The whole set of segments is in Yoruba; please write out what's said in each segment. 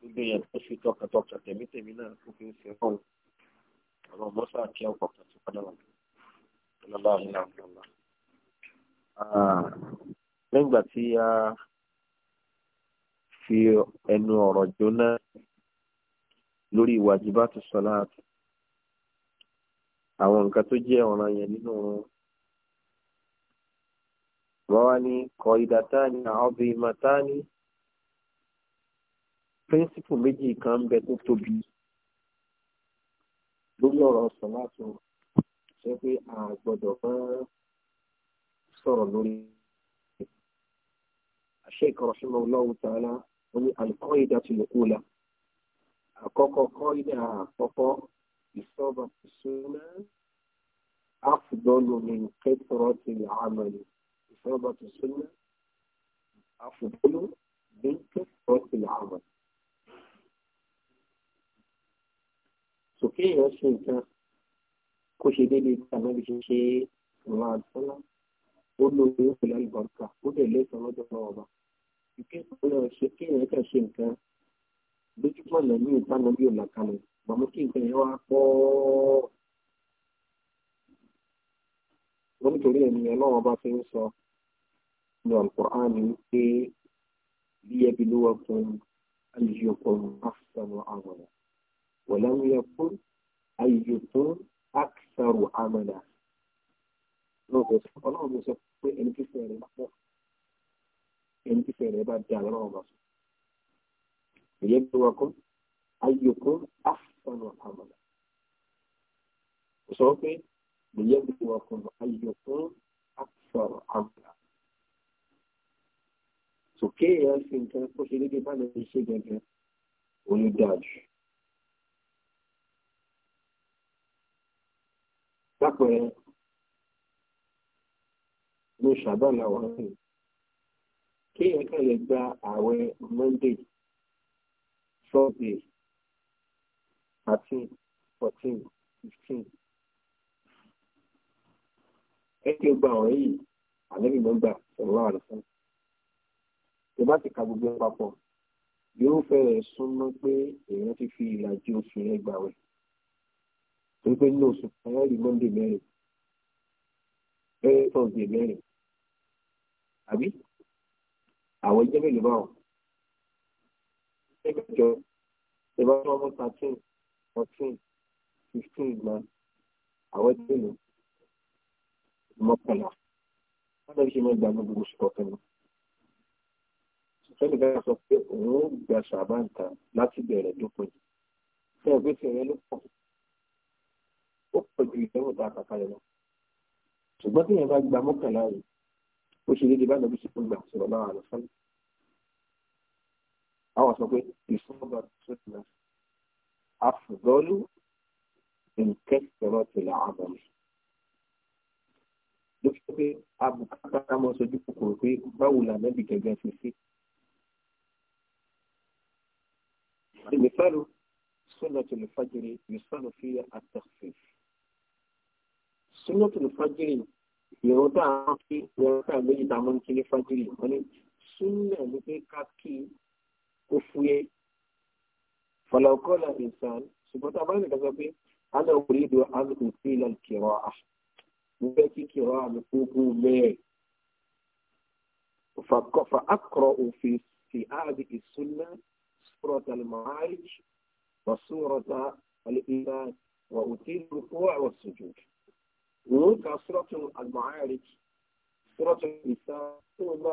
gbogbo èèyàn tó fi tọkàntọkàn tẹ̀mítẹ̀mí náà kó fi ń sin fún àwọn ọmọ sáà kí ọkọ̀ kan ti padà wà lọ́lá àmì náà fún ọ̀la. lẹ́yìn ìgbà tí a fi ẹnu ọ̀rọ̀ jóná àwọn nǹkan tó jẹ́ ọ̀ràn yẹn nínú wọn wọ́n wá ní kọ ìdátá ní àwọn obìnrin mátá ní píríncípù méjì kan ń bẹ tó tóbi lórí ọ̀rọ̀ sọ̀láàtù ṣe pé a gbọ́dọ̀ máa sọ̀rọ̀ lórí àṣẹ ìkọ̀rọ̀ṣẹ́ mọ́ lọ́wọ́ tààlà wọ́n ní àlùkọ́ ìdá ti lòkú la àkọ́kọ́ kọ́ ìdá àkọ́kọ́ ìsọ́ba ìṣúná àfùdọ́lù ní kẹ́tọ̀rọ̀ ti làámọ̀lì ìsọ́ba ìṣúná àfùdọ́lù ní kẹ́tọ̀rọ̀ ti làámọ̀lì. sókè èèyàn ṣe nǹkan kó ṣe déédéé tí ànábì ṣe ṣe ìran àdúrà ó lóore ó pèlè àlùbọ̀ǹkà ó dẹ̀ lẹ́sàn-án lọ́dọ̀ náà ọba sókè èèyàn kàn ṣe nǹkan lójúmọ̀ náà ní ìtànà bí ọ̀nà kalẹ̀ màmú kí nǹkan yẹn wá pọ̀ wọ́n nítorí ènìyàn náà ọba fi ń sọ ní Al-Qur'an pé bí ẹbí ló wà fún ayíyọkọ̀ àfẹ́nu àwọn ọ̀rọ̀. ولم يكن أيكم أكثر عملا ọlọ́run ló sọ pé ẹni tí fẹ́ẹ́ rẹ̀ bá pọ̀ ẹni tí fẹ́ẹ́ rẹ̀ bá dé àwọn ọmọ sọ ìyẹn bí wọn kún ayọkún àfọnù àmàlà sọ pé ìyẹn bí wọn kún ayọkún àfọnù àmàlà sókè èèyàn fi nǹkan kó ṣe déédéé bá lè ṣe gẹ́gẹ́ olùdájú. lápẹẹrẹ ló ṣàbọ̀nà wà ní kéèyàn kàn lè gba ààwẹ̀ monday sunday thirteen fourteen fifteen ẹ kí o gba àwọn yìí àlẹ́bí ló gbà sọ̀rọ̀ wà lọ́sàn. tó bá ti ka gbogbo ẹ papọ̀ yóò fẹ́rẹ̀ súnmọ́ pé èèyàn ti fi ìlàjì oṣù yẹn gbà wẹ̀ torí pé nínú oṣù kan wọ́n rí monday mẹ́rin mẹ́rin thursday mẹ́rin àbí àwọn ẹjẹ́ mélòó báwọn ẹgbẹ́ ìjọ ìjọba tí wọ́n mú thirteen fourteen fifteen gbà àwọn ẹjẹ́ mélòó mọ́kànlá wọ́n tẹ̀lé ṣe máa gba gbogbo oṣù kọ̀ọ̀kan lọ. sọ́ni gáyà sọ pé òun ó gba ṣàbáǹtà láti bẹ̀rẹ̀ dópin. sọ́ni pé tí ẹ̀yẹ ló pọ̀ ó pọ̀ ju ìdánwò tá a kà kalẹ̀ lọ. ṣùgbọ́n tí yẹn bá gba mọ́kànlá yìí ó ṣe déédéé bá nàbí ṣe fún gbà sọ̀rọ̀ náà àlọ́ sọ́nà. àwọn sọ pé ìfúnba sọ́tìmá àfùgọ́lù nǹkẹ́ sọ̀rọ̀ tìlà àbọ̀mù. ló fi pé abùkátà mọ́ sojú kòkòrò pé báwo làmẹ́bí gẹ́gẹ́ ṣe sí. المثال سنة الفجر يصل فيها التخفيف سنة الفجر يوتا كي يوتا بي في كي الفجر يعني سنة لكي في كفوية فلو قال الإنسان سبحانه في كذبه أنا أريد أن أفيل في مبكي قراءة مكوكو مي فأقرأ في في في في في السنة سورة المعارج وسورة الإيمان في الركوع والسجود òun ka sọ́tún àgbọ̀nrẹ́rẹ́ sọ́tún ìta tó o bá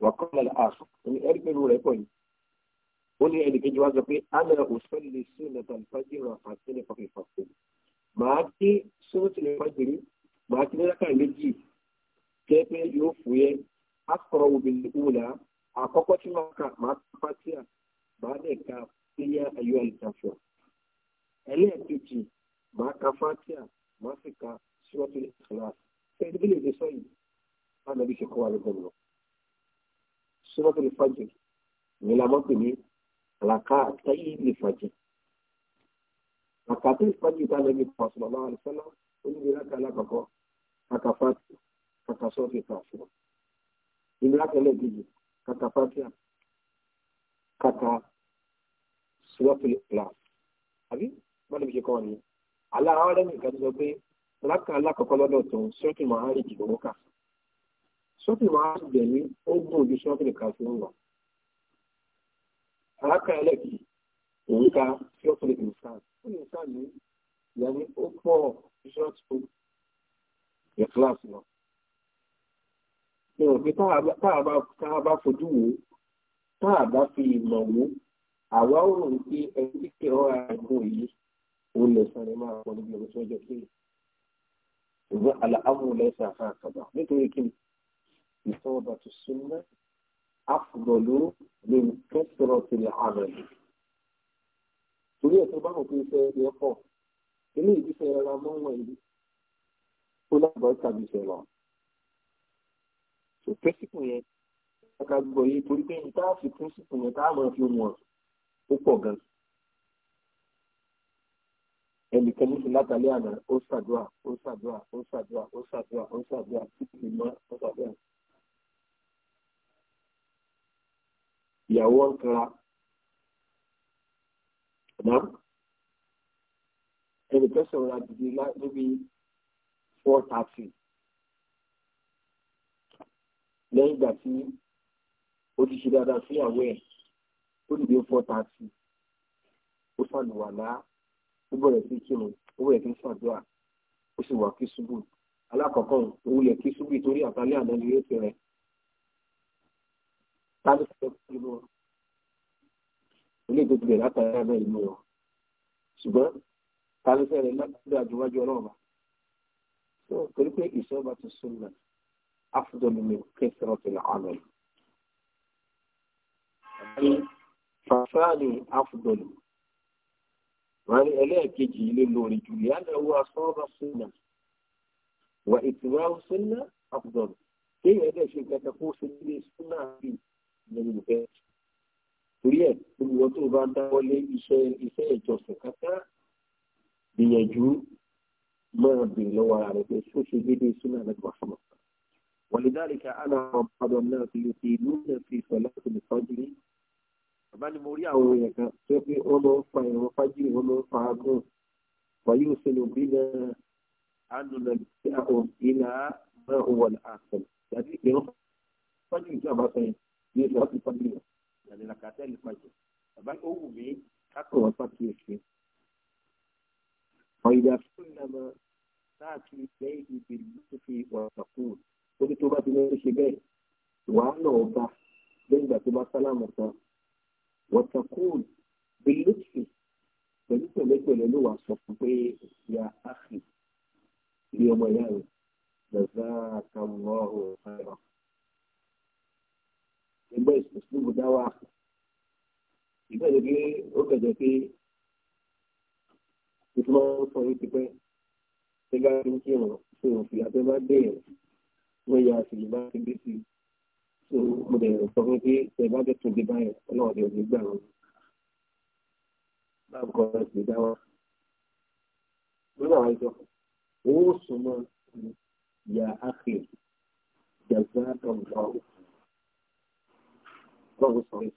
وقال الآخر يعني أريد أن يقول ó ní ẹnì kejì wá sọ pé ana òṣèlè sínú tàlifájì rà fàṣẹlẹ fàfẹ fàṣẹlẹ màá dé sọ́tìlẹ̀ fàjìrì màá ti lẹ́yìn káà méjì kẹ́pẹ́ yóò fò yẹ akọ̀rọ̀ obìnrin wùlà àkọ́kọ́ tí màá kà màá kápá sí màá dẹ̀ ka péyà ayọ́ àlùjáfẹ́ ẹlẹ́ẹ̀kejì màá ka fàtíà màá sì ka sọ́tìlẹ̀ kìláàsì fẹ́ẹ́ sọ́kọ́tò lè fàjì ní lamọ́pẹ̀ ní àlàkà àtàyè lè fàjì. àkàtà ìfàjì tá a lè fi pọ̀ sọ̀rọ̀ lọ́wọ́ àlùfẹ́lá oníbìrì àkà alákọ̀ọ́kọ́ kàkà fàtì kàkà sọ́ọ̀fì kàfọ́. ìbílẹ̀ àkẹlẹ̀ kejì kàkà fàtì kàkà sọ́ọ̀fì kìlá. àbí bọ́lá mi ṣe kọ́ ọ ní. aláàárẹ̀ nìkan ti sọ pé rákà alákọ̀ọ́kọ́ lọ́dọ̀ tó ń sọ́ọ̀tì mọ̀ sọ́tì máa ń bẹ̀ ní ó gùn ju sọ́tì kàfi ń lọ. àáká ẹlẹ́kì òun ka sọ́tì ìsàn ó lè sàn ní ìyá ní ó pọ̀ sọ́tì ìkíláàsì lọ. mi ò fi tá a bá fojú wò ó tá a bá fi ìmọ̀ wò ó àwa ò rò pé ẹni tí kì í rọra ẹ̀gbọ́n yìí òun lè sàn máa pọ̀ níbi ìròyìn tó jẹ́ kí ìwé àlàáfù lẹ́sẹ̀ àfáà kàdà nítorí kí ni. إصابة السنة أفضل من كثرة العمل torí ẹ̀sìn báwọn pé iṣẹ́ ẹ̀ pọ̀ ilé ìdíṣẹ́ ẹ̀rọ mọ́wọ́n ìlú tó lábọ̀ tàbí ìṣẹ̀lọ. tó pẹ́sìpù yẹn ọ̀gá gbọ́ yìí torí pé ní táà fi pẹ́sìpù yẹn táà máa fi wọ̀n ó pọ̀ gan. ẹnìkan níṣẹ́ látàlẹ́ àná ó ṣàdúrà ó ṣàdúrà ó ṣàdúrà ó ṣàdúrà ó ṣàdúrà títí mọ́ ó ṣàdúrà ìyàwó ń kanra ọ̀dàm ẹnì kan sọ̀rọ̀ àdìdì níbi four thirty lẹ́yìn ìgbà tí ó ti ṣe dáadáa sí ìyàwó ẹ̀ ó dìde four thirty ó ṣàlùwàlá ó bẹ̀rẹ̀ sí kírun ó bẹ̀rẹ̀ sí ṣàdúrà ó sì wà kí ṣubú alákọ̀ọ́kọ́ òun yẹ kí ṣubú torí àtàlẹ́ àná ni yóò ti rẹ̀ sáré tó kú inú wọn ilé ìtòtò rẹ̀ látàrí abẹ́ ìlú wọn ṣùgbọ́n sáré sẹ́rẹ̀ látàrí àjọwájú ọlọ́ọ̀bà tó torí pé ìṣọ́ba ti sún náà afúdọ́lù mi kẹsàn-án ti là ọ̀nà yìí. fàṣáàlì afúdọ́lù wọn ni ẹlẹ́ẹ̀kejì ilé lórí jù yálà owó asọ́ba sún wà ìtura sún náà afúdọ́lù kéèyàn dẹ̀ kẹta kó o ṣe nílé sún náà lórí ìfẹ́ torí ẹ̀ olùwọ́ tó bá dáwọ́ lé iṣẹ́ iṣẹ́ ìjọsìn kátá gbìyànjú máa bèèrè lọ́wọ́ ara rẹ̀ pé ṣó ṣe déédéé sínú àlẹ́gbà fún ọ. ولذلك أنا وبعض الناس يطيلون في صلاة الفجر bàbá ni mo rí àwọn èèyàn kan tí pé wọ́n máa ń fa ìrun fájìrì wọ́n máa ń fa agùn wọ́n yóò sinú bí náà ánùnà tí a ò ilà máa ń wọ̀lá ní ìṣòro ti pọ̀ nínú ìrìnà kàtẹ́ ìpàjẹ́ bàbá ó wù mí kákọ̀ wọ́n pàkíyèsí. ọ̀yìnbá fún ìlànà táàkì lẹ́yìn ibi tó fi ọ̀rọ̀ kún ó ní tó bá ti lọ́ọ́ ṣe bẹ́ẹ̀ wàhálà ọba lẹ́yìn ìgbà tó bá sálámù tán wọ́tàkùn bílùtì pẹ̀lú pẹ̀lẹ́pẹ̀lẹ́ ló wà sọ fún pé ya áfì ilé ọmọ ìyá rẹ̀ lọ́sàá kàwọ́ ọ̀hún ẹgbẹ́ ìsìnkú dá wa ìbẹ̀rẹ̀ pé ó kẹ̀jẹ̀ pé ìtumọ̀ sọ yìí ti pẹ́ gẹ́gẹ́ bí kí wọ́n ṣe òfin abẹ́ bá dé ẹ̀ wọ́n ya àṣìlè bá ti dé sí i so mo dẹ̀ sọ fún pé ẹ bá fẹ́ tún dé báyẹn ọlọ́run ọ̀dẹ̀ òní gbà wọn. báwo kọ́ ẹ sì dá wa nínú àwọn owó sùnmọ́ ìyá àkè jàzá ọ̀gbọ̀n. وهو صحيح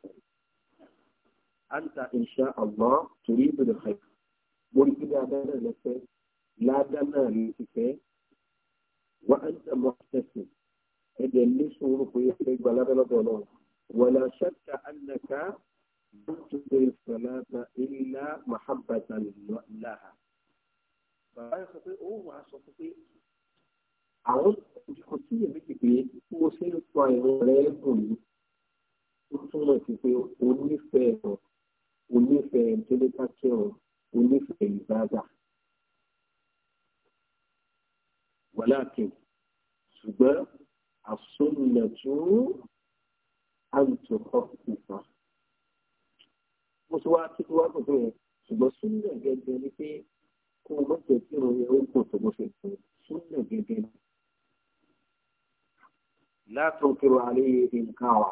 أنت إن شاء الله تريد الخير ولكن أنا لك لا دنا لك وأنت محتسب إذا ليس ورق يحتاج ولا بلا ضلال ولا شك أنك لم تدري الصلاة إلا محبة لها فلا يستطيع مع الصفوفية àwọn ìkọsíyèméjì pé mo ṣe ń sọ ìrìn ó túmọ̀ sí pé onífẹ̀ẹ́ ọ̀ onífẹ̀ẹ́ tẹ́lẹ́kàkẹ́ ọ̀ onífẹ̀ẹ́ ìbáàdà. wàláàkì ṣùgbọ́n àsomìnà tó àǹtọ̀kọ̀ ìfà. mo ti wá títí wá tuntun yẹn ṣùgbọ́n súnmọ̀ gẹ́gẹ́ ni pé kó o mọ̀jẹ̀ tí mo yẹ ó kò tó mo fi kún súnmọ̀ gẹ́gẹ́ ni. látòkèrò àlẹ́ nǹkan wa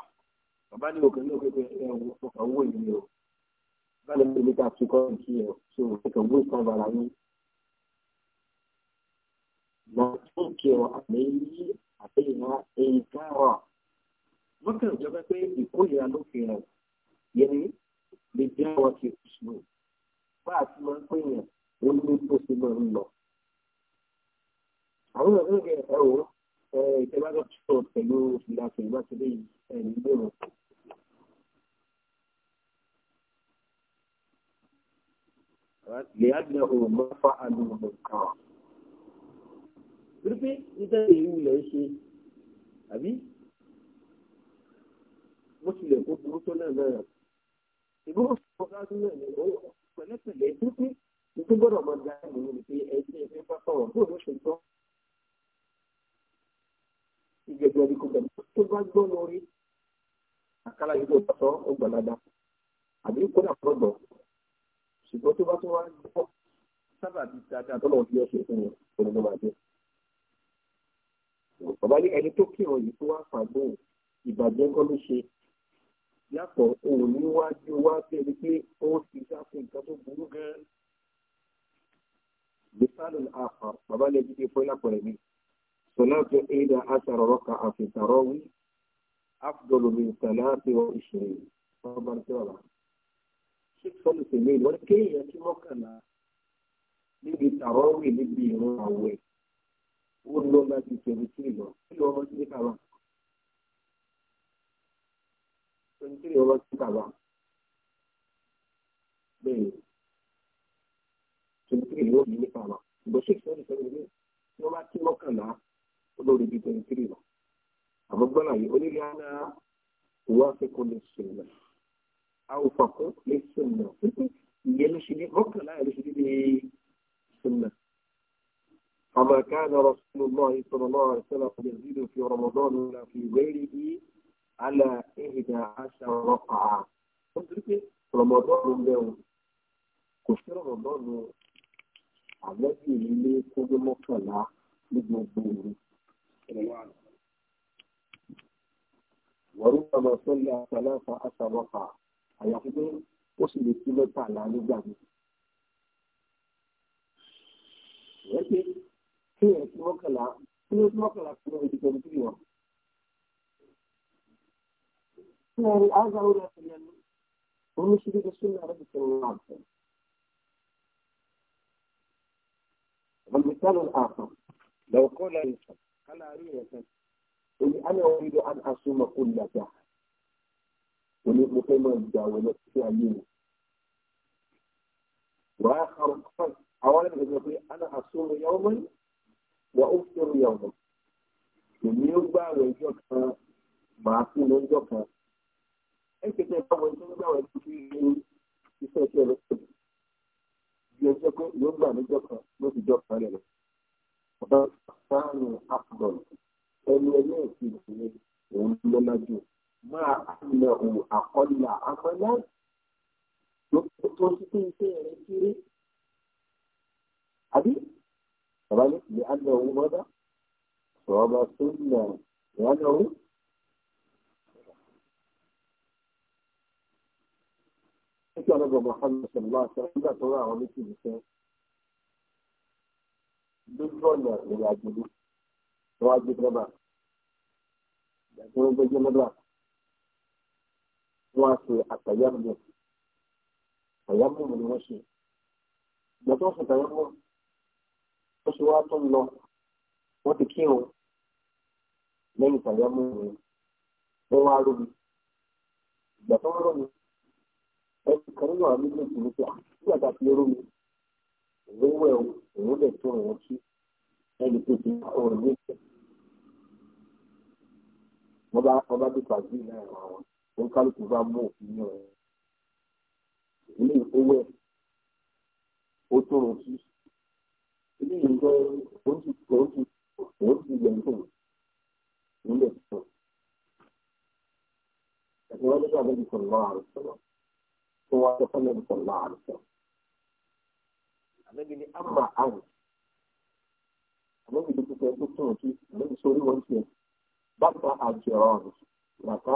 bàbá ní òkè ní òkè pé ẹ ọkàn owó yìí o bàbá ní òkè níta fi kọ́ ìkí ẹ so ọkàn owó ìtàn bàrà yín. Mọ̀tòkìọ̀ àmẹ́yí àtẹ̀yìnà ẹ̀yìn káwà. Wọ́n kàn jọba pé ìkórìíra ló fi hàn yẹn ní lè jẹ́ àwọn ti ṣùgbọ́n. Bá a ti máa ń pè yàn, ó ní bó ṣe máa ń lọ. Àwọn ọ̀rẹ́ rẹ̀ ẹ̀rọ ìjọba tó pẹ̀lú ìlànà ìgbàsílẹ̀ ẹ̀yìn lérò. لأنه ما فعلوا منكرا wípé nítorí èyí wulẹ̀ ń ṣe àbí bó tilẹ̀ kó burú tó náà náà ìbú òṣùpọ̀ láti náà ni ó pẹ̀lẹ́pẹ̀lẹ́ wípé nítorí gbọ́dọ̀ máa ga ẹ̀mí ni pé ẹtí ẹgbẹ́ pápáwọ̀ bó ló ṣe gbọ́ ìgbẹ̀gbẹ̀ ni kò gbẹ̀gbẹ̀ tó bá gbọ́ lórí àkàlà yìí ló sọ ó gbọ̀nàdà àbí kódà kọ́ gbọ̀n ṣùgbọ́n tó bá tó wá gbọ́ sábàbí dáadáa tó lọ́wọ́ fi ọ́ ṣe fún wọn ló máa jẹ́. bàbá ní ẹni tó kí ọ̀yìn tó wá fàgbọ́ ìbàjẹ́ kọ́ ló ṣe yàtọ̀ òun níwájú wá bẹ́ẹ̀ pé ó ti dáko nǹkan tó burú gan-an. bisalun afa bàbá ní ẹbí ti fọ́ lápẹ̀rẹ̀ mi sọláàtú ẹ̀dá aṣara rọ́ka àfìsàrọ́wí afdọ́lùmí sàlá àti ọ̀ ìṣòro ọba ní six hundred twenty eight wọ́n ní kéèyàn kí mọ́kànlá níbi tàrọ́wì níbi ìrún àwẹ̀ ó lọ láti twenty three lọ kí ló ọmọ sí kàwá twenty three ọmọ sí kàwá bẹ́ẹ̀ twenty three yóò ní ní kàwá ìbọn six hundred twenty eight tí wọ́n bá kí mọ́kànlá ó lọ rí bí twenty three lọ àmọ́ gbọ́dọ̀ yìí onílé àná wọ́n á fẹ́ kó lè ṣe ìlànà. أو فقط للسنة يلش دي لا يلش دي السنة فما كان رسول الله صلى الله عليه وسلم يزيد في رمضان ولا في غيره على إحدى عشر رقعة رمضان له كشف رمضان الذي لي كل مطلع لجمهوره وربما صلى ثلاث عشر رقعة àyàfi pé ó sì lè tú mẹ́tàlá nígbà mi. ìyẹn pé kí ẹ̀ tí mọ́kànlá kí ló tí mọ́kànlá fún ojú pẹ̀lú kí wọ́n. kí ẹ̀ áza ó lọ́sẹ̀ lẹ́nu òun ṣe dédé sínú àrẹ ìṣẹ̀lẹ̀ náà fẹ́. والمثال الآخر لو قال إنسان أنا أريد أن أنا أريد أن أصوم كل شهر òní mo fẹ́ máa gbà wọ lọ sí ayé mi. wà á kọ́ fún àwọn ẹni tó pé ana àsúnmù yàwó mọ́ ni wà ó sọ̀rọ̀ yàwó mọ́. èmi ó gbà wọ ẹjọ́ kan màá fún mi ẹjọ́ kan. ẹ kẹtẹ báwo ẹjọ́ gbà wọ ẹjọ́ kí iṣẹ́ iṣẹ́ rẹ̀ pẹ̀lú. bí ẹjọ́ pé yóò gbà níjọ́ kan ló ti jọ kan rẹ̀ lọ. ọ̀dọ́ sáà ni àpùdọ̀ ẹni ẹlẹ́ẹ̀kejì ni òun lọ́lá jù máa àmọ̀ òun àkọlà àkọlà tó ń pín iṣẹ́ rẹ̀ kéré. Àbí bàbá ní ìyá àgbà òun bọ́dá sọ̀rọ̀ bá tó ń nà ìyá àgbà òun. Ṣé ọ̀nà gbọ̀ngàn Fáwọn Ṣẹ̀lá sọ nígbà tó rà àwọn méjì nìkan lójú ọ̀nà ìrìn àjò ni wọ́n gbé dọ́bà. Ìgbà tí wọ́n gbé jẹ́ wọ́n á ṣe àtàyàmù àtàyàmù ni wọ́n ṣe ìgbà tó ń ṣe àtàyàmù wọ́n ṣe wá tó ń lọ wọ́n ti kírun lẹ́yìn àtàyàmù rẹ̀ wọ́n wá rómi ìgbà tó ń rómi ẹnì kan nínú àwọn méjèèjì ní pé àti ah, àgbà fi rómi òun wẹ̀ òun lè tó òun kí ẹnì kejì òun ní ìfẹ́ wọ́n bá dé pàdé náà àwọn ó kálukú bá mú òfin yàn ẹ́ ilé ìkówó ẹ̀ ó tóró sí ilé ìjọ oṣù oṣù oṣù yẹnfò nílẹ̀ tó ẹ̀sìn wọn nígbà bẹ́ẹ̀ sọ̀rọ̀ lọ́wọ́ àrùsọ̀rọ̀ tó wá sọ fún ẹ̀mí sọ̀rọ̀ lọ́wọ́ àrùsọ̀rọ̀ àbẹ́bí ni àmà àrùn àbẹ́bí ni kíkẹ́ tó tóró sí àbẹ́bí sórí wọn tiẹ̀ bàtà àjẹrọ̀ àrùsọ̀rọ̀ bàtà.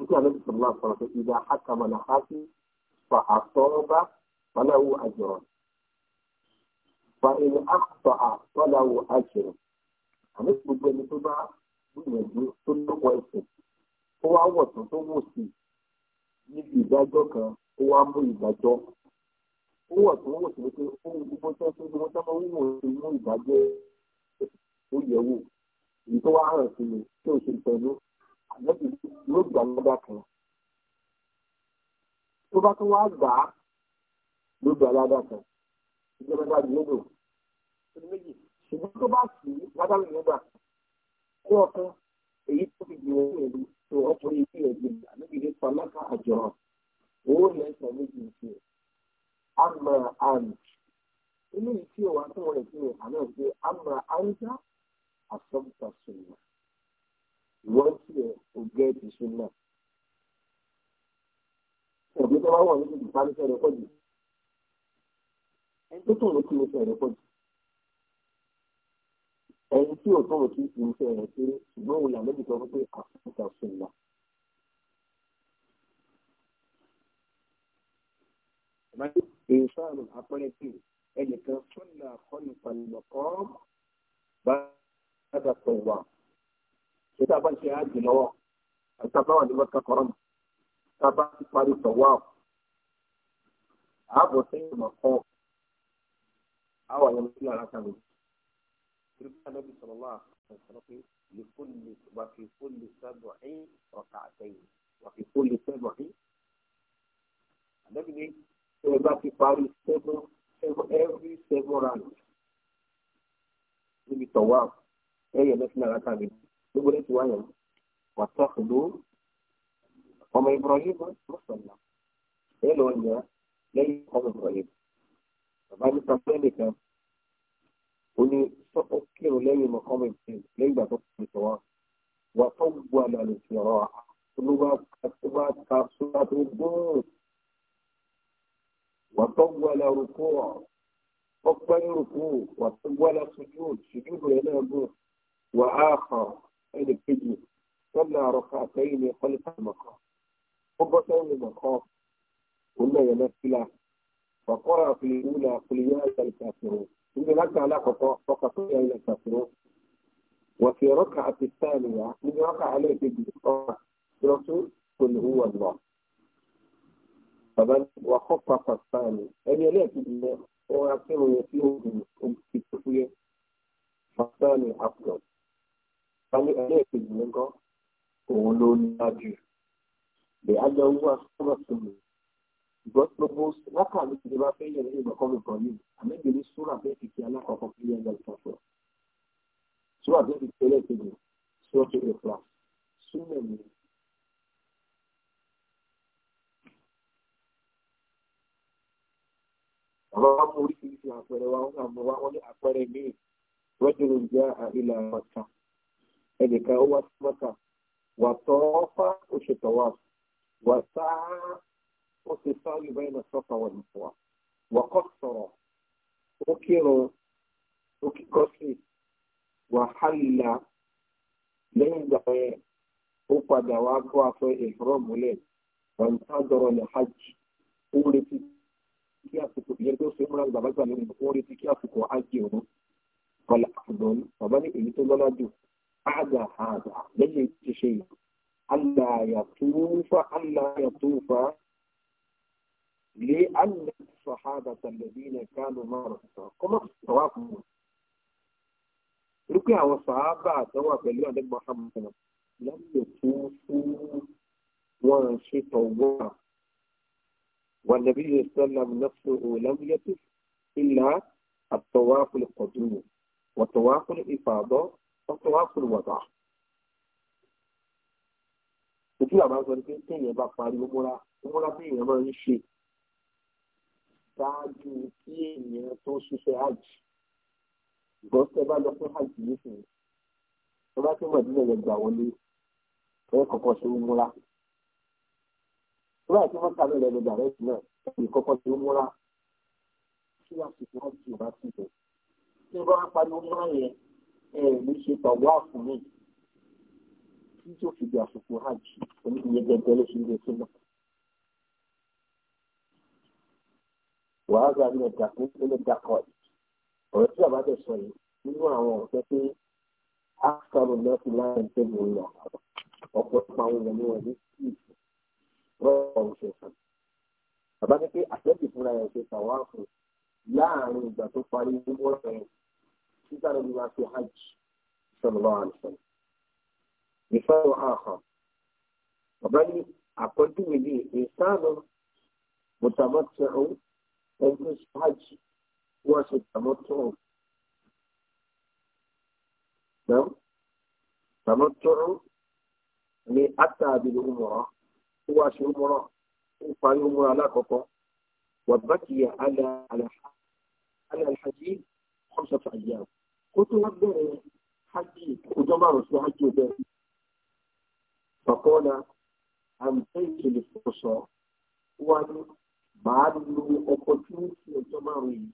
nítorí àlejò sọ̀rọ̀ náà sọ̀rọ̀ pé ìdá hakama na haki fa àtọ́rọ́bá fọláwó àjọrọ̀ fa ilẹ̀ àkùtọ̀ àfọláwó àjọrọ̀ àmì gbogbo ẹni tó bá gbìyànjú tó lọ́wọ́ ẹ̀sìn ó wá wọ̀tún tó wò sí níbi ìdájọ́ kan ó wá mú ìdájọ́ ó wọ̀tún wò sí pé ohun gbogbo tó ń tó gbogbo tó máa ń wò sí mú ìdájọ́ ó yẹ wò èyí tó wá hàn sí mi tí ò ṣe pẹ̀lú àlẹ́bí yóò gbà lọ́dà kan tó bá tún wá gbà á ló gbà lọ́dà kan ìjọba bá di lódò ṣùgbọ́n tó bá sì í ládà lè nígbà kó ọkàn èyí tó fi gbìyànjú ìlú tó ọkùnrin ìdí ẹ̀jẹ̀ àlẹ́bí ní pàlákà àjọ owó lẹ́sẹ̀ méjì ìṣe àmà àmì inú ìṣe wà fún ọ̀rẹ́ fún ọ̀rẹ́ àná ṣe àmà àńjá àsọ̀bùtà sọ̀rọ̀ ìwọ́n tí ẹ̀ kò gẹ́ ti sún náà. Ẹ̀bí tó bá wọ̀ ní ìdìbò bá ní sẹ́rẹ̀ pọ̀ jù. Ẹni tó tún ló kí ní sẹ́rẹ̀ pọ̀ jù. Ẹni tí ò tún ló kí ní sẹ́rẹ̀ kéré ṣùgbọ́n òun làmẹ́bí sọ pé àfúnṣà sùn náà. إنسان أقلتي أن كان صلى خلف المقام بعد الطواب ṣé tá a bá ṣe àjì lọ́wọ́ àti tá a bá wà ní mọ́tà kọ́rọ́mù tá a bá ti parí tọ̀wá ọ̀ ààbò sẹ́yìn mọ̀ kọ́ àwọn àyẹ̀wò sílẹ̀ aláta mi. Ìrúkà Nàbí sọ̀rọ̀ wá sọ̀rọ̀ pé lèkólè wà fi kólè sábọ̀ ẹ̀ ọ̀kà àtẹ̀yìn wà fi kólè sábọ̀ ẹ̀. Àdébí ni tí ẹ bá ti parí every seven rounds níbi tọ̀wá ẹ̀yẹ̀ lẹ́sìn aláta mi gbogbo ní tiwa yẹn wàtọ́kùlù ọmọ ibrahim mọ́sánná ẹ lọ yàn lẹ́yìn ọmọ ibrahim bàbá mi sọ pé nìkan ó ní sọ ó kírun lẹ́yìn ọmọ ibrahim lẹ́yìn ìgbà tó kù sọ wọn wàtọ́ gbogbo àlàlù sí ọ̀rọ̀ olúwa àtúbà ta sọ́wọ́ tó gbóòrò wàtọ́ gbogbo àlàlù kú ọ̀ ọpẹ́ ní rúkú wàtọ́ gbogbo àlàlù sùjúù ẹni kejì sọ́nà àròkà àtẹ́yìn ní kọ́lífà mọ̀kọ́ ó bọ́ sẹ́yìn mọ̀kọ́ òun náà yẹn lọ́sílà ọ̀kọ́ àfìlìwúlà àfìlìyà ìṣàkàfìrò níbi lágbà alákọ̀ọ́kọ́ ọkà tó yẹ ìṣàkàfìrò wọ́n fi rọ́kà àti sáàlìyà níbi rọ́kà alẹ́ kejì ọkà ìrọ̀tú kò ní hùwà lọ. bàbá wa kọ́ papà sáàlì ẹni ẹlẹ́ẹ̀kejì yẹn wọ́n á kírun yẹn sí òògùn òkè tó fúyẹ́ fàtàlì àpọ̀ wáyé ẹlẹ́ẹ̀kejì yẹn gan òun ló ní ájú bẹ́ẹ̀ ájọ wúwà sọ́nà tó lò gbọ́ gbogbo lákà ló ti di bá fẹ́ẹ́ yẹ ní ìgbà kan nìkan yìí àmẹ́gbẹ̀ẹ́ ní súrà fẹ́ẹ́ fi kí alákọ̀ọ́kọ́ fi yẹ ẹgbẹ́ ìtọ́sọ súrà fẹ́ẹ́ fi kí ẹlẹ́ẹ̀kejì súrà tó lè fà súnmẹ̀ mi. àwọn ọmọ oríṣiríṣi àpẹẹrẹ wa wọn àmọ́ wa wọn ní àpẹẹrẹ míì rọ́jò ló ń jẹ́ àìlà ọ̀tàn ẹnìkan ó wá sí mọ́ta wà tọ́ ọ́fà ó ṣe tọ̀wá wà sáá ó ṣe sáyé báyìí náà sọ́fà wà ní fún wa wà kọ́ sọ̀rọ̀ ó kírun ó kíkọ́ sí wà hàlìlà lẹ́yìn ìgbà yẹn ó padà wá bọ́ aṣọ ìfọ̀rọ̀ múlẹ̀ wà ní sáàdọ̀rọ̀ ní hajj ó retí kí àsìkò ìyẹn tó ṣe múra bàbá gbà ó retí kí àsìkò hajj òun kọlá àdùn bàbá ní èyí tó lọ́lá jù على هذا لن شيء ألا يطوف ألا يطوف لأن الصحابة الذين كانوا مع الرسول كما استوافوا لكن الصحابة توافوا النبي محمد لم يطوفوا وانشي طواف والنبي صلى الله عليه وسلم نفسه لم يطف إلا الطواف القدوم وطواف الإفاضة ọtọwákù wọ̀tà ojú àbá sọ pé téèyàn bá parí ọmọlá ọmọlá téèyàn máa ń ṣe ṣáájú kí èèyàn tó ṣiṣẹ́ hajj ìgbọ́n tẹ́ bá lọ fún hajj nísìnyí ẹ bá tún mọ̀dínlẹ̀ lọ gbà wọlé ẹ kọ́kọ́ ṣe ọmọlá ìgbà tí wọ́n kàwé lẹ́nu dàrẹ́tì náà ẹ kọ́kọ́ ṣe ọmọlá kí àsìkò hajj ò bá ti bẹ̀ tí wọ́n bá parí ọmọlá yẹn ẹ ò ṣe tàwa fún mi tí tó fi di àsopọ̀ hajj oníyẹ gẹ́gẹ́ ló ṣe ń gbé sílọ. wàhálà ní ẹ̀dá ní ẹ̀dá kọ́ ọ̀rọ̀ tí bàbá sọ yìí nínú àwọn ọ̀fẹ́ pé áfàlù lọ́sùn láàrin tẹ́lẹ̀ ń ọ̀pọ̀lọpọ̀ àwọn èèyàn ní wọn ní sí ìfẹ́ rọ́ọ̀ ọ̀ṣẹ̀ṣẹ̀ bàbá pé àtẹ́tì fúnra ẹ̀ ṣe tàwa fún láàrin ìgbà tó parí ní wọ́n كان بما في حج صلى الله عليه وسلم مثال آخر وبل أقلت به إنسان متمتع يجلس حج واسد تمتع نعم تمتع لأتى يعني بالأمرة واسد أمرة وفعل أمرة لا كفر وبكي على على الحجيج خمسة أيام ó tún wá bẹ̀rẹ̀ hajj ọjọ́ márùn-ún sí hajj bẹ́ẹ̀. Bàbọ́lá àǹtẹ̀ ìkìlì fọ̀sọ̀ wá ní màá lo ọkọ̀ tí ó fi ọjọ́ márùn-ún yìí.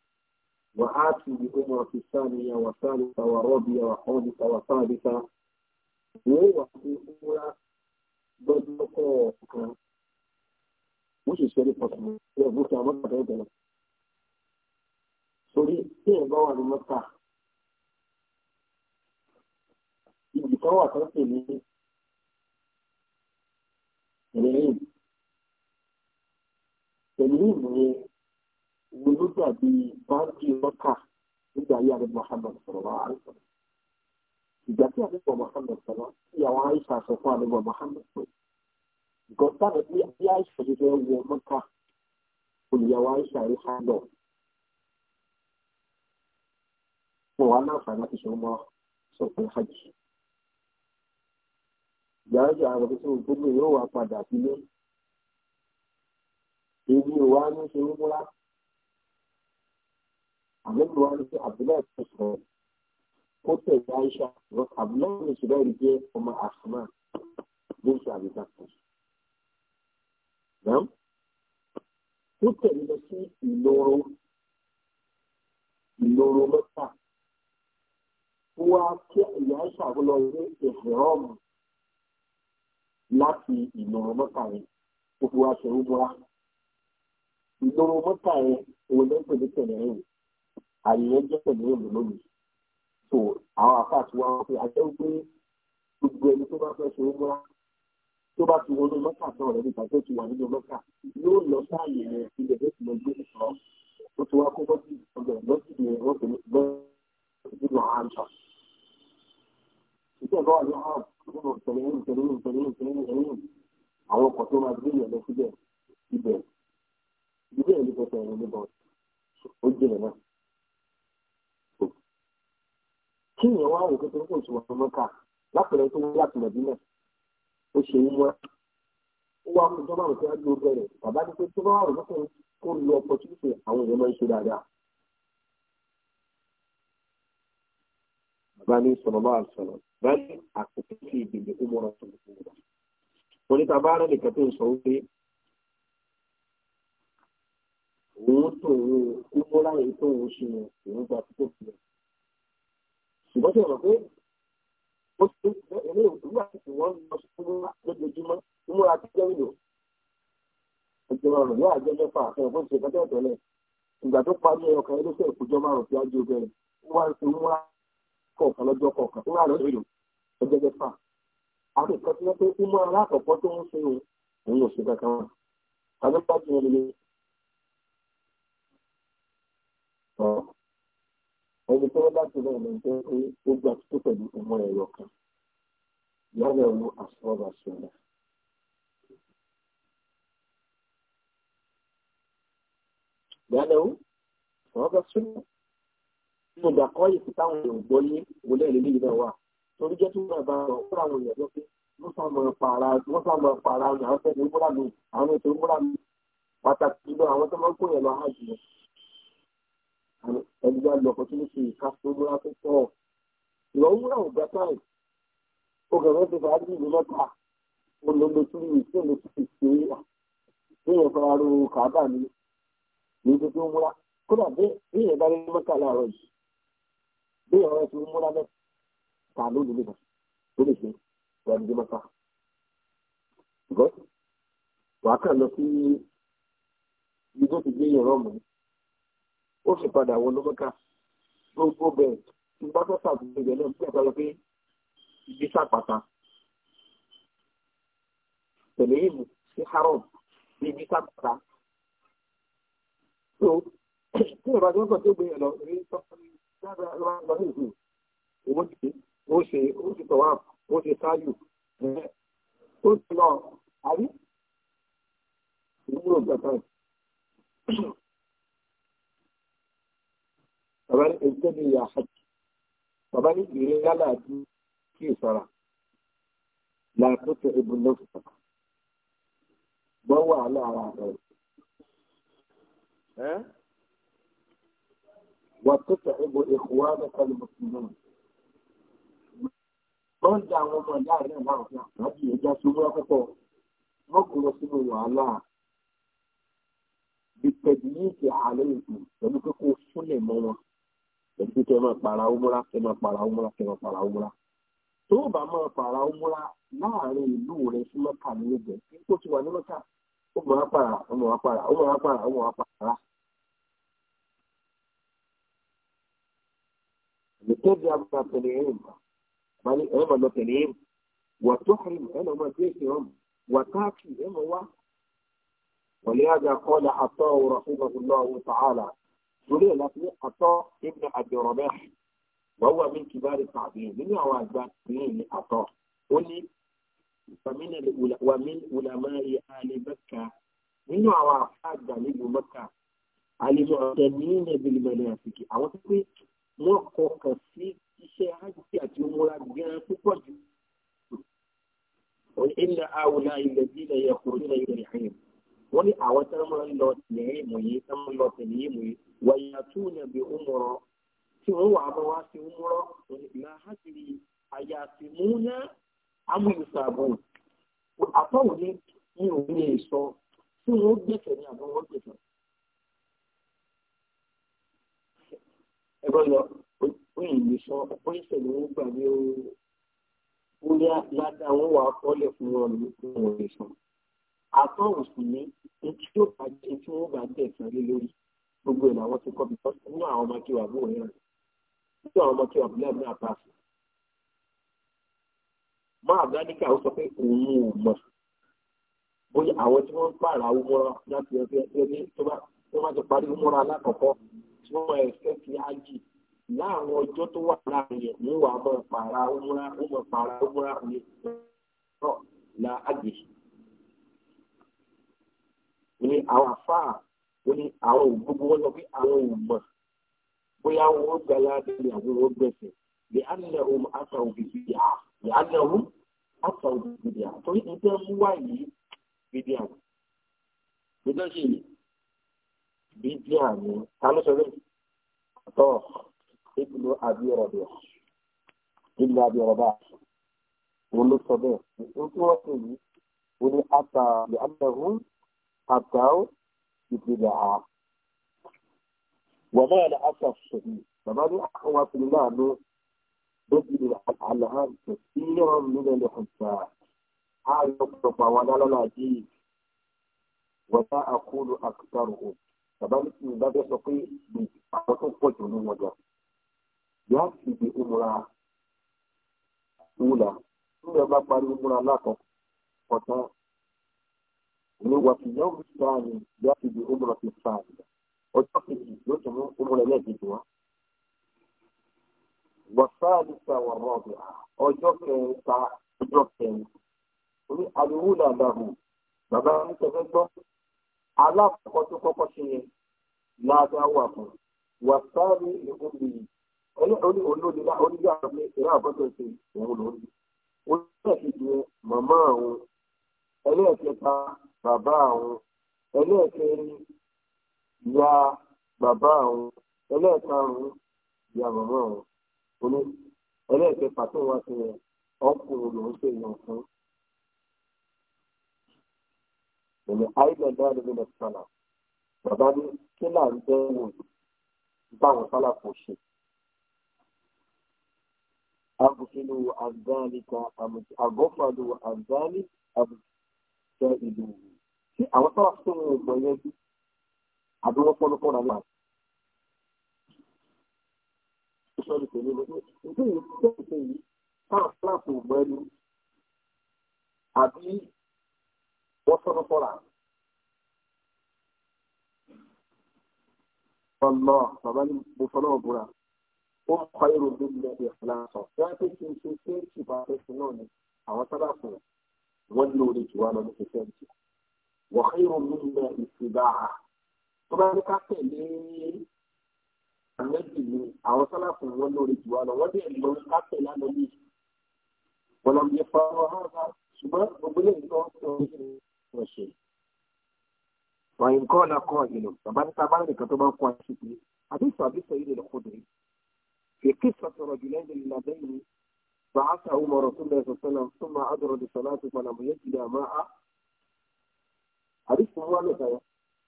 وآتي لأمة الثانية والثالثة والرابعة والخامسة والثالثة وهو في أولى بدلقوك which is very possible. Yẹ bó ṣe àwọn ọmọ ọ̀dọ́ ìdẹ̀lẹ̀. Sori tí ẹ̀ bá wà ní mọ́ta ibùdókọ́ wà tó ń pè ní ìrìn pẹ̀lú ìmúyẹ olùgbà bí báńkì ọkà nígbà yà ní Muhammad sọ̀rọ̀ àìsàn ìgbà tí àdúgbò Muhammad sọ̀rọ̀ tí àwọn àìsàn sọ fún àdúgbò Muhammad pé gọ́tà rẹ̀ bí bí àìsàn ti fẹ́ wọ mọ́ta olùyàwó àìsàn rí hàndọ̀ wọn wà náà fàánà ti ṣe wọn sọ pé hajj ìgbàlódé àwọn tó ń gbógbó yóò wá padà sílé èyí ò wá ní ṣe nígbà àlejò wa ní àbúlá ìtòsọ ó tẹ̀lé àìsà àbúlá ìṣẹ̀lẹ̀ rí jẹ́ ọmọ àfúnà lóṣù àbíkàtà náà ó tẹ̀lé lọ sí ìloro ìloro mẹ́ta ó wá kí ìyá àìsà lọ ní ìfìrọ́ọ̀mù láti ìloro mọ́tà yẹn ó fi wá ṣe rúbúrá ìloro mọ́tà yẹn òun ló ń pè ní tẹ̀lẹ́rìn àyè yẹn jẹ́ tẹ̀lẹ́rìn lónìí so àwọn àfa àti wọn fi àjẹ́ wípé gbogbo ẹni tó bá fẹ́ ṣe rúbúrá tó bá ti wọnú mọ́tà náà rẹ̀ nígbà tó ti wà nínú mọ́tà yóò lọ sáàyè yẹn ilẹ̀ tó ti lọ gbé sọ ó ti wá kó bọ́ọ̀dì ọgbẹ̀ lọ́sídìí iṣẹ́ ìbá wà ní hàn nínú tẹ̀lẹ́yìn tẹ̀lẹ́yìn tẹ̀lẹ́yìn tẹ̀lẹ́yìn ẹ̀yìn àwọn ọkọ̀ tó máa gbé yẹn lọ síbẹ̀ ibẹ̀ ibẹ̀ ìlú pẹ̀pẹ̀ ẹ̀yìn níbọ̀ ó jẹ̀rẹ̀ náà. kí ni wọ́n á wò kékeré fún ìṣòwò ọmọ ká lápẹ̀rẹ̀ tó wọ́n láti mọ̀dínà ó ṣe ń wá ó wá fún ìjọba àwọn ìṣẹ́wájú ó bẹ̀rẹ̀ bàbá ní pé tó bá wà wò kékeré kó lo ọpọ bá ní sọ̀rọ̀ bá sọ̀rọ̀ báyìí àkókò sí ìgbìmọ̀ kó mọ́ra sọ̀rọ̀ fún wa. wọ́n ní tàbá rẹ̀ nìkan tó ń sọ wípé òun tó òun kó mọ́ra èyí tó òun ṣe yẹn òun gba àkókò fún wa. ṣùgbọ́n tí ọ̀rọ̀ pé ó ti ẹni òdúrà tí wọ́n lọ sí múra lójoojúmọ́ múra tó jẹ́ ìlò. ìjọba rẹ̀ yóò àjẹ́ mẹ́fà àfẹ́ ìgbà tó parí ọkàn ẹlẹ́sẹ̀ ìkójọ́ márùn-ún tí á jó bẹ́ẹ̀ wọ́n á ti múra kọ̀ọ̀kan lọ́jọ́ kọ̀ọ̀kan ó wà lọ́dọ̀ èèyàn ọjọ́ mẹ́fà àwọn nǹkan tí wọ́n pé ó mọ alákọ̀ọ́kọ́ tó ń ṣe òun òun ò ṣe kankan wọn àbí bá ti wọn lè ọ ẹni tó bá ti wọn lè jẹ́ pé ó gba tó pẹ̀lú ọmọ ẹ̀rọ kan yálẹ̀ wo àṣọra ṣọlá. yálẹ̀ wo àṣọra ṣọlá nínú ìdàkọ́ yìí táwọn èèyàn gbọ́ yé wò lẹ́yìn lélẹ́yìn náà wà torí jẹ́ tí wọ́n bá rọ̀ fún àwọn èèyàn lọ pé wọ́n sá mọ̀ pààrà wọ́n sá mọ̀ pààrà ní àwọn tẹ̀lé múra mi àwọn ètò múra mi pàtàkì jùlọ àwọn tó máa ń kó yẹn lọ hajj lọ. ẹni bá lọ ọkọ̀ tó ní ṣe ìkásó múra tó pọ̀ ìwọ múra ò gbà táì ó gẹ̀rẹ́ ti fà á ní ìlú mẹ́ta ó lọ lọ sí ìlú tí ti ṣe é bí ọ̀rọ̀ ti múra mẹ́ta ta ló lè lè tó lè ṣe ìwádìí dé mọ́ta. ṣùgbọ́n wàá kàn lọ sí ibi tó ti gbé ìrọ̀ mọ́ ó sì padà wọ lọ́mọ́ká gbogbo bẹ́ẹ̀ tí bá fẹ́ sàkóso ìgbẹ́ náà bí àtàlọ́ pé ibi sàpàtà tẹ̀lé ìlú sí haram bí ibi sàpàtà. tó tí ìrọ̀lẹ́ ọkọ̀ tó gbé yẹn lọ rí sọ́kùnrin lára lọ ní ìlú ìwọ dìde ó ṣe ó ṣe tọ̀wá ó ṣe sáyù ẹ̀ ó ti lọ àrí ìwúrò gbàgbà bàbá ní èyí tẹ́lẹ̀ ìyá àjì bàbá ní ìrẹ́ yálà àti kí ìsara làkútẹ̀ ìbùdó fìfà gbọ́ wà lára rẹ̀. وتتعب إخوانك المسلمين wọ́n dá àwọn ọmọ ìyá rẹ̀ láwọn fún àbájú ìjà ṣubú akẹ́kọ̀ọ́ wọ́n kò lọ sínú wàhálà ìpẹ̀jù àlẹ́ ìlú pẹ̀lú pé kó súnlẹ̀ mọ́ wọn pẹ̀lú pé kẹ́ máa para ọmúra kẹ́ máa para ọmúra kẹ́ máa para ọmúra tó bá máa para ọmúra láàrin ìlú kí ti wà ní نترجع للتابعين يعني هم المتابعين وتحرم هم ما جيشهم وتاكي هم هو ولهذا قال عطاء رحمه الله تعالى سوري لكن عطاء ابن عبد الرباح وهو من كبار التابعين من هو من عطاء قل ومن ومن علماء آل مكة من هو أحد مكة المعتنين بالمناسك أو wọ́n kọkàn sí iṣẹ́ hajj àti umura gan púpọ̀ jù. wọ́n àwòlá ilẹ̀ bí ilẹ̀ yẹ kúrò nílẹ̀ ilẹ̀ ìhìn. wọ́n ní àwọn tí wọ́n lọ tẹ̀lé ìmọ̀ tí wọ́n lọ tẹ̀lé ìmọ̀ yìí wàyà tún nà bí umura tí wọ́n wà bọ́ wá sí umura wọ́n àyà sí múná amúyùsàbọ̀ àtọ́wò ní mi ò tí wọ́n sọ wọ́n ṣẹ̀ ní wọ́n gbà ní orí bóyá ládàá wọn wà kọ́lẹ̀ fún wọn ní ìwọ̀n ìsàn àtọ́ òsùnmí etí yóò bá jẹ tí wọ́n bá bẹ̀ fún lé lórí gbogbo ẹ̀ làwọn ti kọ́ bí wọ́n nínú àwọn ọmọ kíwà bó rẹ̀ nínú àwọn ọmọ kíwà bílẹ̀ ní àpáàfù. máa bá níkà ó sọ pé òun ò mọ̀ bóyá àwọn tí wọ́n ń pààrà ọmọra láti ẹgbẹ́ ẹgbẹ́ tó bá ti parí ọmọra alákọ̀ọ́kọ́ tí wọ́n máa ẹ̀fẹ́ fi ájì láàrin ọjọ́ tó wà láàrin yẹn ní wàá bọ̀ pààrà ọmúra ọmọ pààrà ọmúra òní náà la àgbè. ní àwọn àfáà ó ní àwọn ògbógbó wọn lọ bí àwọn òmọ bóyá wọn gba ládàá àwọn wọn gbẹsẹ lè ànà òun àtà òbíbi yà lè ànà òun àtà òbíbi yà torí ìdá mú wá yìí bíbí àwọn. ìdá yìí bíbí àwọn ta ló sọ bẹ́ẹ̀ àtọ́ ibnu abi rọ̀bẹ̀ ibnu abi rọ̀bà wọn ló sọ bẹ́ẹ̀ nítorí tí wọ́n pè yìí wọ́n ní àtàlẹ̀ àtàhùn àtàhùn ìpìlẹ̀ àá. wọ́n náà ní àtàṣe yìí bàbá ní àwọn afẹ́lẹ́ náà ló lóbi àlàhà kẹsíyàn nílẹ̀ lẹ́kọ̀ọ́ta á yọ pọ̀pọ̀ àwọn alálọ́lá yìí wọ́n bá àkúlù àkùtàrò bàbá ní kí n bá sọ pé àwọn tó pọ̀ jù ní wọn jẹ́. يأتي بأمرة أولى ثم يبقى الأمرة لك وتعالى وفي يوم الثاني يأتي بأمرة الثانية وتقضي يتم أمرة لك والثالثة والرابعة أجوك أجوك الأولى له bàbá mi tẹ̀lé gbọ́ alákọ̀ọ́kọ́ tó kọ́kọ́ ṣe yẹn láàdá wà fún wàsáàrí ìhùn bìí oní olóde náà oníjà mi ìrá àbọ̀tọ̀ ṣe òun ló ń di oníkẹ̀kejì yẹn màmá àwọn ẹlẹ́ẹ̀kẹta bàbá àwọn ẹlẹ́ẹ̀kẹrin ìyá bàbá àwọn ẹlẹ́ẹ̀karùn-ún ìyá màmá àwọn oní ẹlẹ́ẹ̀kẹfà tó wá sí yẹn ọkùnrin ló ń ṣe yàn fún. Ìyẹn àìlẹ́dá ló ń lọ sálà. Bàbá ní kí láà ń bẹ́ wò báwọn sálà kò ṣe. أبخلوا عن ذلك أغفلوا عن ذلك أبتعدوا ṣé àwọn tó wà fún un ọgbọ̀n yẹn bí àbí wọ́n pọ́n lọ́pọ́ náà láti. sọ́ọ́dù pẹ̀lú ọgbọ́n ìdí yìí tó ń pè yìí táwọn fúláàpù ọgbọ̀n ẹni àbí wọ́n sọ́nà fọ́ra. ọlọ́ bàbá ní mo fọ́nà ọ̀bùra ó kọ èrò lórí ẹgbẹ́ ìfúláṣọ wọn pé kí n ṣe ṣé ìbá fẹsẹ náà ni àwọn sábà fún un wọn lóore jù wá lọ ní ṣe fẹẹ jù wọ́n kọ èrò lórí ẹgbẹ́ ìfúláṣọ tó bá ní ká tẹ̀lé àmẹ́jì ni àwọn sábà fún wọn lóore jù lọ wọ́n dẹ̀ lọ ká tẹ̀lé àmẹ́jì wọn lọ́n yẹ fún ọ ṣùgbọ́n gbogbo lè ní wọ́n tó ń ṣe wọ́n yìí kọ́ ọ̀la kọ́ ọ̀yìn في قصة رجلين اللذين بعثهما رسول الله صلى الله عليه وسلم ثم أدرى بصلاة فلم يجد ماء حديث موانا سيا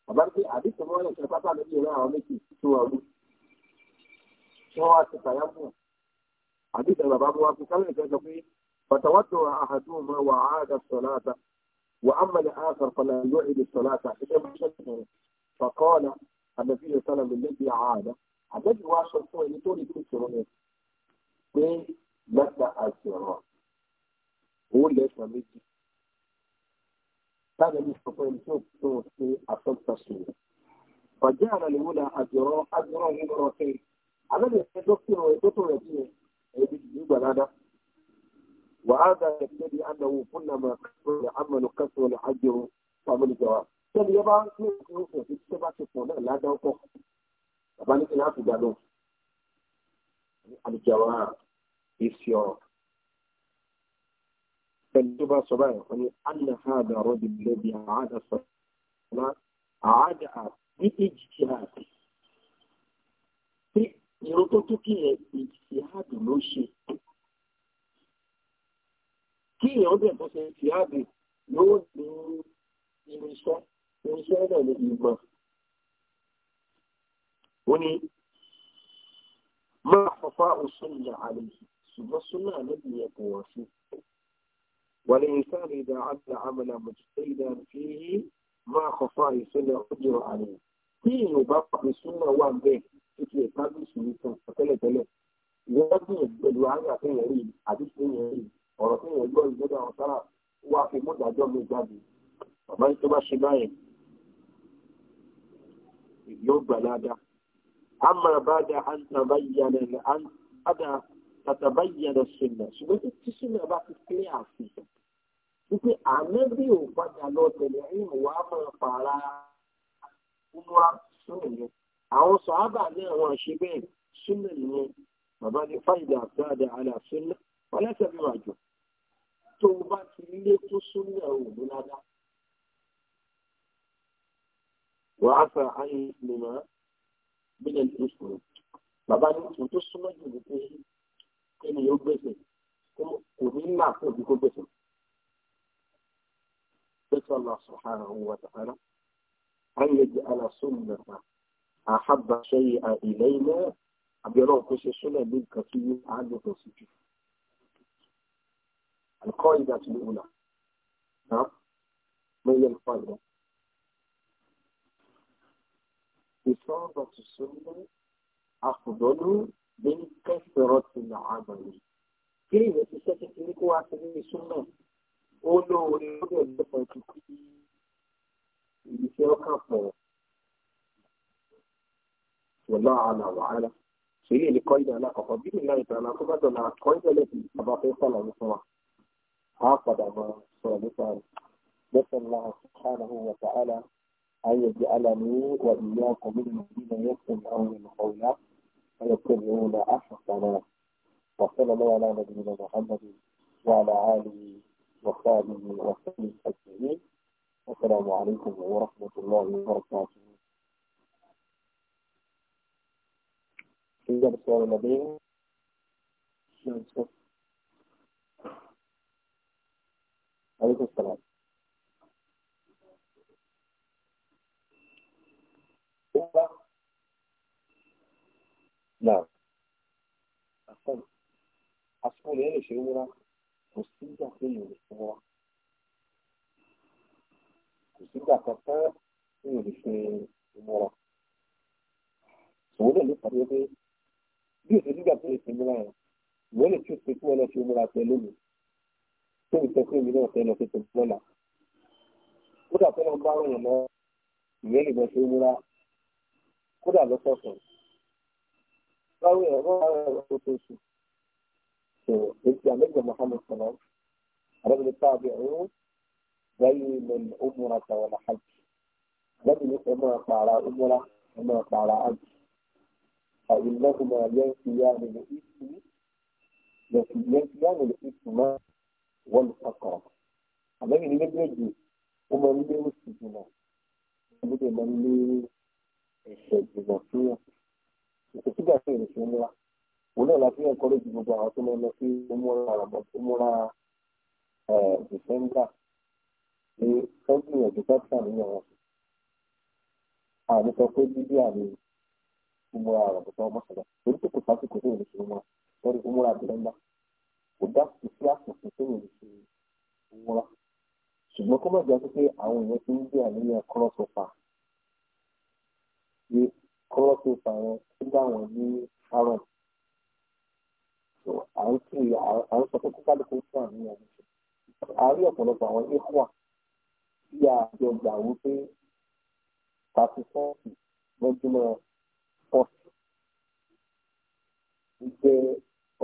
أبرتي حديث موانا سيا فتا لدي لا عميكي سوى بي سوى حديث أنا بابو وابو كلمة كيف فتوجه أحدهما وعاد الصلاة وأما الآخر فلا يعيد الصلاة فقال النبي صلى الله عليه وسلم الذي عاد àbẹ́bí wa sọ fún ẹni tó rí tó sọ̀rọ̀ yẹn pé lọ́tà àjọ̀rọ̀ owó lẹ́sàn méjì táwọn ẹni sọ fún ẹni tó tó ṣe àfẹ́sọ̀sọ̀ yẹn. ọ̀jẹ́ àrà lè wúlò àjọ̀rọ̀ àjọ̀rọ̀ ń lọ́rọ̀ pé àbẹ́bí ẹ̀ tó kí ọ̀rọ̀ ètò rẹ̀ bí yẹn ẹ̀bí yìí gbà dáadáa. وهذا يقتضي انه كلما كثر العمل كثر الاجر فمن الجواب. كان يبقى في السبعه bàbá ní kí n á fi gbàdùn àlùjáwá èsì ọ̀rọ̀ pẹ̀lú tó bá sọ báyìí wọ́n ní aláha àdàrọ dìbò bí àádà sọ ọlá àádà ní èjìjì àti pé ìrún tó tún kí ẹ èjìjì àdùn ló ṣe kí èèyàn bẹ̀ tó ṣe èjìjì àdùn yóò ní irinṣẹ́ irinṣẹ́ náà ní ìgbọ̀n wọ́n ní máa fọ́fá òṣùnà àlè ṣùgbọ́n súnà níbi yẹn kò wọ́n sí. والإنسان إذا عمل عملا مجتهدا فيه ما خفاه سنة أجر عليه tí o bá pàdé súnmọ́ wà ń bẹ́ẹ̀ títí ẹ̀ka bí ìṣòro kan tẹ́lẹ̀tẹ́lẹ̀ wọ́n gbìyànjú pẹ̀lú àárín àtẹ̀yẹ̀ rí àbí ìṣẹ̀yẹ̀ rí ọ̀rọ̀ tó yẹn gbọ́ ìgbọ́dọ̀ àwọn sára wá fi mú mi jáde bàbá yìí tó bá ṣe báyẹn yóò gbà dáadáa أما بعد أن تبين أن بعد تتبين السنة ṣùgbọ́n tí tí súnmọ́ bá ti kílẹ̀ àfihàn wípé ànábì ò padà lọ tẹ̀lé ìrìn wà máa fara wúwa súnmọ́ yẹn àwọn sàábà náà wọn ṣe bẹ́ẹ̀ súnmọ́ yẹn bàbá ní fáìdà àgbàdà àlàsúnà ọlẹ́sẹ̀ bí wàjọ tó o bá ti lé tó súnmọ́ òun ládàá wàá fà áyè ìgbìmọ̀ mílẹ̀ tó sọ̀rọ̀ bàbá ní ìṣòro tó súnmọ́ jù ní pé ẹni yóò gbèsè kò ní mà kó bí kó gbèsè. Bẹ́sẹ̀ Allah subhanahu wa ta'ala, an yaj'ala sunnata ahabba shay'an ilayna àbí ọlọ́run kó ṣe súnmọ́ ní nǹkan tí a lò sí jù. Àlùkọ́ ìdá ti lè wùlà. nípa ìdá. إصابة السنة أفضل من كثرة العمل كلمة تستهلك وعشرين سنة قولوا لأولي الدفع يتوقف والله أعلى وأعلى شيء لقيدة لا أفضل الله تعالى قبض ولا قيدة التي أبقي صلى الله عليه عقد ما صلى الله عليه وسلم الله سبحانه وتعالى أن يجعلني وإياكم من الذين يستمعون القول ويتبعون أحسنه وصلى الله على نبينا محمد وعلى آله وصحبه وسلم أجمعين السلام عليكم ورحمة الله وبركاته. إذا بسؤال النبي múra pẹ̀lú mi tó ìfẹ́ fún mi náà fẹ́ràn tuntun lọ́la kódà fẹ́ràn bá ràn lọ ìyẹn lè bọ́ sí múra kódà lọ́sọ̀ọ̀sán báwo ẹ̀ wọ́n á rẹ̀ lọ́sọ̀ọ̀sù ṣòwò èsì àlejò Muhammad sọ̀rọ̀ àrẹ́bìnrin táàbí ọ̀hún lẹ́yìn lẹ́nu ó múra tàwọn àjì lẹ́yìn ẹ̀ máa pààrà ó múra ẹ̀ máa pààrà àjì àìlẹ́kùnmọ̀ àlẹ́ ìyá rẹ̀ ní ìsìn lẹ́kìyàmù lè fi sùn náà wọ́n lè sọ̀kọ̀. àbẹ́yìn ní méjèèjì ó máa ń lé oṣù jùlọ àbúrò máa ń lé ẹ̀ṣẹ̀ jùlọ fún yàn. kò sígbà tí èrè ṣe ń múra òun náà láti yàn kọ́lé ju gbogbo àwọn tó máa ń lọ sí múra àràmọ́ tó múra dìsẹ́ńdà ní sọ́ọ̀tún ìyànjú kápítà níyàn wọn. àmì sọ pé bíbí àmì múra àràmọ́ tó ọmọ sọ̀rọ̀ torí kò lórí umura abiramba kò dá sí sí àkùnkùn tó yẹ ṣe umura ṣùgbọ́n kó má jẹ́ pé àwọn èèyàn ti ń gbé àníyàn kọ́lọ́sọ̀fà pé kọ́lọ́sọ̀fà yẹn ti dá wọn ní haram à ń kí à ń sọ pé kókálukú fún àníyàn ní ṣe àárín ọ̀pọ̀lọpọ̀ àwọn ìkọ́wà tí a jọ gbà wípé thirty four lọ́jọ́ náà pọ̀ sí jẹ́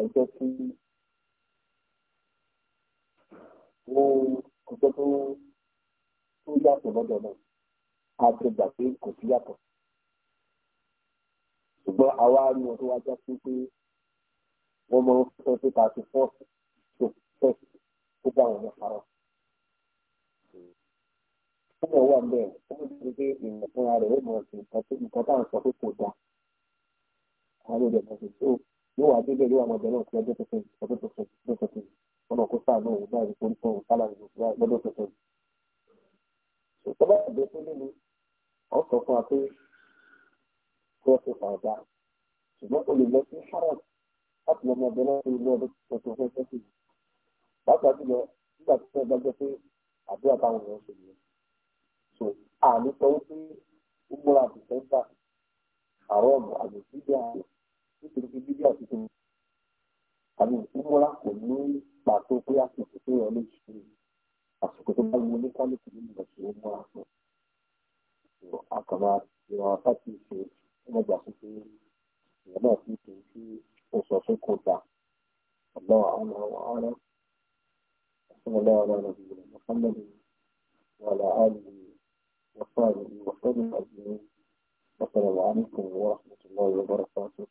ọjọ́ tí ọjọ́ tó tó yàtọ̀ lọ́dọ̀ náà a ti gbà pé kò sí yàtọ̀ ṣùgbọ́n àwa ni ọdún wa já sí pé wọ́n mọ fẹ́ pé ká ti fọ́ọ̀sì tó fẹ́ tó bá wọn lọ́pàá Fún ọwọ́ àbẹ̀ ó ń sọ pé ìmọ̀ fúnra rẹ̀ ó mọ̀ sí nǹkan táwọn sọ pé kò dáa. Àwọn olùdókòwò yóò wá débẹ̀ yóò wá ọmọdé náà sí ọjọ́ tuntun ọjọ́ tuntun ọjọ́ tuntun ọ̀nà kó sáà náà fún tuntun. ìgbẹ́ ọ sọ fún wa pé kí wọ́n ti ṣùgbọ́n o lè lọ sí láti náà sí tuntun fún ẹgbẹ́ pàápàá jùlọ nígbà tí wọ́n gbàgbọ́ pé àdúrà táwọn èèyàn nítorí pé bíbí àtúntò àmì ìmúra kò ní pàtó pé àsìkò tó yọ lè ṣe àsìkò tó bá wọlé kálukú nínú ìgbàsíwò múra fún àkàrà ìrànwọ́ àti ìṣe ọmọgbà sí pé ìyá náà fi kì í sí oṣù ọ̀sẹ̀ kò dà ọ̀dọ́ àwọn ọ̀rẹ́ صلى الله على نبينا محمد وعلى آله وصحبه وسلم أجمعين والسلام عليكم ورحمة الله وبركاته